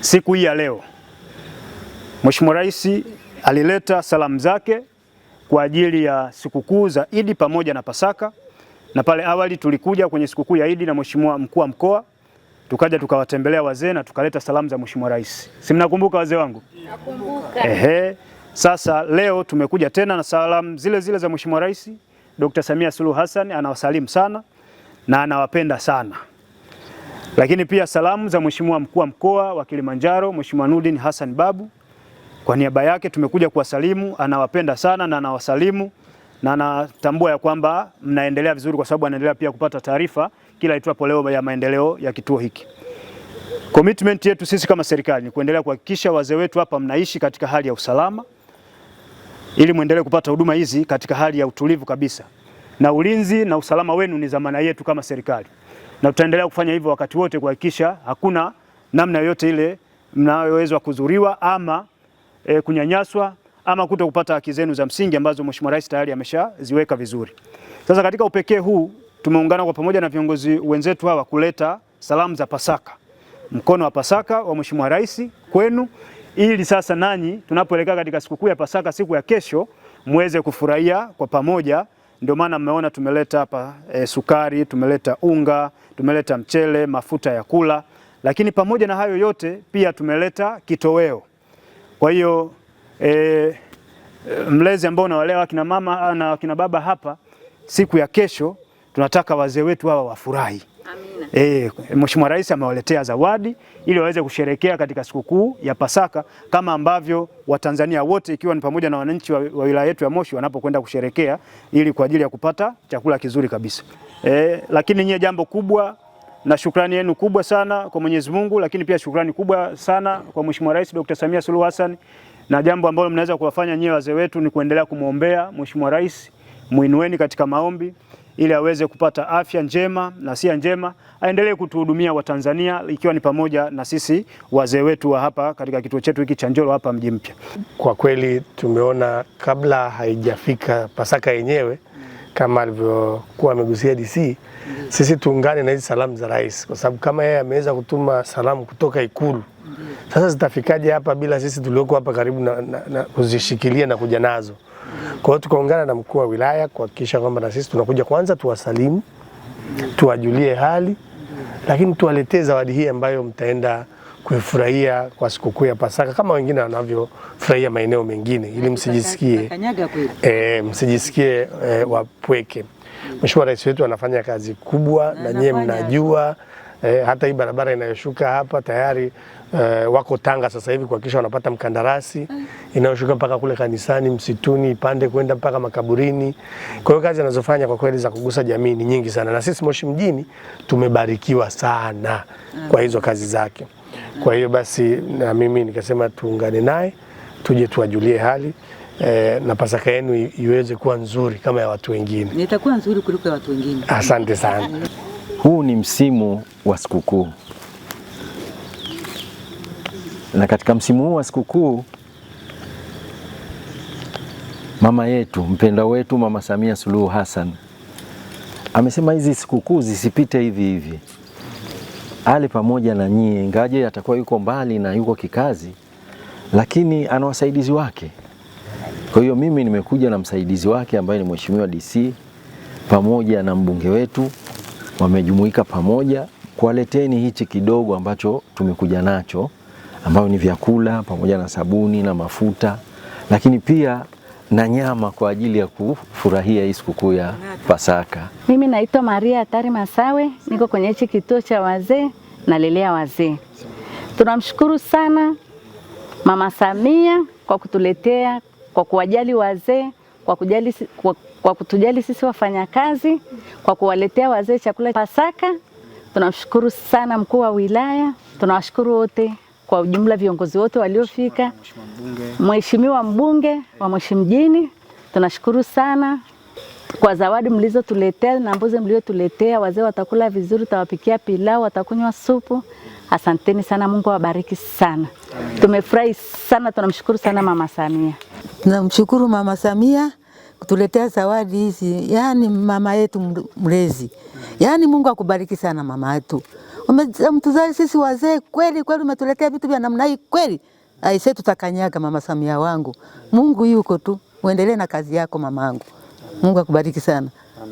Siku hii ya leo Mheshimiwa Rais alileta salamu zake kwa ajili ya sikukuu za Idi pamoja na Pasaka, na pale awali tulikuja kwenye sikukuu ya Idi na Mheshimiwa mkuu wa mkoa tukaja tukawatembelea wazee na tukaleta salamu za Mheshimiwa Rais. Si mnakumbuka wazee wangu? Nakumbuka. Ehe, sasa leo tumekuja tena na salamu zile zile za Mheshimiwa Rais Dr. Samia Suluhu Hassan. Anawasalimu sana na anawapenda sana. Lakini pia salamu za Mheshimiwa Mkuu wa Mkoa wa Kilimanjaro, Mheshimiwa Nurdin Hassan Babu, kwa niaba yake tumekuja kuwasalimu. Anawapenda sana na anawasalimu na anatambua ya kwamba mnaendelea vizuri, kwa sababu anaendelea pia kupata taarifa kila itwapo leo ya maendeleo ya kituo hiki. Commitment yetu sisi kama serikali ni kuendelea kuhakikisha wazee wetu hapa mnaishi katika hali ya usalama, ili muendelee kupata huduma hizi katika hali ya utulivu kabisa, na ulinzi na usalama wenu ni dhamana yetu kama serikali na tutaendelea kufanya hivyo wakati wote kuhakikisha hakuna namna yoyote ile mnayoweza kuzuriwa ama e, kunyanyaswa ama kuto kupata haki zenu za msingi ambazo Mheshimiwa Rais tayari ameshaziweka vizuri. Sasa katika upekee huu tumeungana kwa pamoja na viongozi wenzetu hawa kuleta salamu za Pasaka, mkono wa Pasaka wa Mheshimiwa Rais kwenu, ili sasa nanyi tunapoelekea katika sikukuu ya Pasaka siku ya kesho muweze kufurahia kwa pamoja ndio maana mmeona tumeleta hapa e, sukari, tumeleta unga, tumeleta mchele, mafuta ya kula, lakini pamoja na hayo yote pia tumeleta kitoweo. Kwa hiyo e, mlezi ambao unawalea wakina mama na wakina baba hapa, siku ya kesho tunataka wazee wetu hawa wafurahi. Eh, Mheshimiwa Rais amewaletea zawadi ili waweze kusherekea katika sikukuu ya Pasaka kama ambavyo Watanzania wote ikiwa ni pamoja na wananchi wa, wa wilaya yetu ya Moshi wanapokwenda kusherekea ili kwa ajili ya kupata chakula kizuri kabisa. E, lakini nyie jambo kubwa na shukrani yenu kubwa sana kwa Mwenyezi Mungu, lakini pia shukrani kubwa sana kwa Mheshimiwa Rais Dr. Samia Suluhu Hassan, na jambo ambalo mnaweza kuwafanya nyie wazee wetu ni kuendelea kumwombea Mheshimiwa Rais, muinueni katika maombi ili aweze kupata afya njema na sia njema, aendelee kutuhudumia Watanzania, ikiwa ni pamoja na sisi wazee wetu wa hapa katika kituo chetu hiki cha Njoro hapa mji mpya. Kwa kweli tumeona kabla haijafika Pasaka yenyewe kama alivyokuwa amegusia DC, sisi tuungane na hizi salamu za rais, kwa sababu kama yeye ameweza kutuma salamu kutoka Ikulu, sasa zitafikaje hapa bila sisi tulioko hapa karibu na, na, na kuzishikilia na kuja nazo. Kwa hiyo tukaungana na mkuu wa wilaya kuhakikisha kwamba na sisi tunakuja kwanza tuwasalimu, tuwajulie hali, lakini tuwaletee zawadi hii ambayo mtaenda kuifurahia kwa sikukuu ya Pasaka kama wengine wanavyofurahia maeneo mengine, ili msijisikie e, msijisikie e, wapweke. Mheshimiwa Rais wetu anafanya kazi kubwa na, na nyie mnajua e, hata hii barabara inayoshuka hapa tayari e, wako Tanga sasa hivi kuhakikisha wanapata mkandarasi mm. inayoshuka mpaka kule kanisani, msituni, ipande kwenda mpaka makaburini. Kwa hiyo kazi anazofanya kwa kweli za kugusa jamii ni nyingi sana, na sisi Moshi mjini tumebarikiwa sana mm. kwa hizo kazi zake. Kwa hiyo basi na mimi nikasema tuungane naye tuje tuwajulie hali e, na Pasaka yenu iweze kuwa nzuri kama ya watu wengine. itakuwa nzuri kuliko ya watu wengine. Asante sana. Mm. Huu ni msimu wa sikukuu, na katika msimu huu wa sikukuu mama yetu mpendwa wetu Mama Samia Suluhu Hassan amesema hizi sikukuu zisipite hivi hivi, ale pamoja na nyie, ingaje atakuwa yuko mbali na yuko kikazi, lakini ana wasaidizi wake. Kwa hiyo mimi nimekuja na msaidizi wake ambaye ni Mheshimiwa DC pamoja na mbunge wetu wamejumuika pamoja kuwaleteni hichi kidogo ambacho tumekuja nacho, ambayo ni vyakula pamoja na sabuni na mafuta, lakini pia na nyama kwa ajili ya kufurahia hii sikukuu ya Pasaka. Mimi naitwa Maria Hatari Masawe, niko kwenye hichi kituo cha wazee nalelea wazee. Tunamshukuru sana Mama Samia kwa kutuletea, kwa kuwajali wazee, kwa kujali, kwa kwa kutujali sisi wafanyakazi, kwa kuwaletea wazee chakula Pasaka. Tunamshukuru sana mkuu wa wilaya, tunawashukuru wote kwa ujumla, viongozi wote waliofika, mheshimiwa mbunge wa Moshi mjini, tunashukuru sana kwa zawadi mlizotuletea na mbuzi mliotuletea. Wazee watakula vizuri, tawapikia pilau, watakunywa supu. Asanteni sana, Mungu awabariki sana. Tumefurahi sana, tunamshukuru sana Mama Samia, tunamshukuru Mama Samia kutuletea zawadi hizi, yaani mama yetu mlezi, yaani Mungu akubariki sana mama yetu, Umetuzali sisi wazee kweli kweli, umetuletea vitu vya namna hii kweli, aise, tutakanyaga. Mama Samia wangu, Mungu yuko tu, uendelee na kazi yako mamangu, Mungu akubariki sana.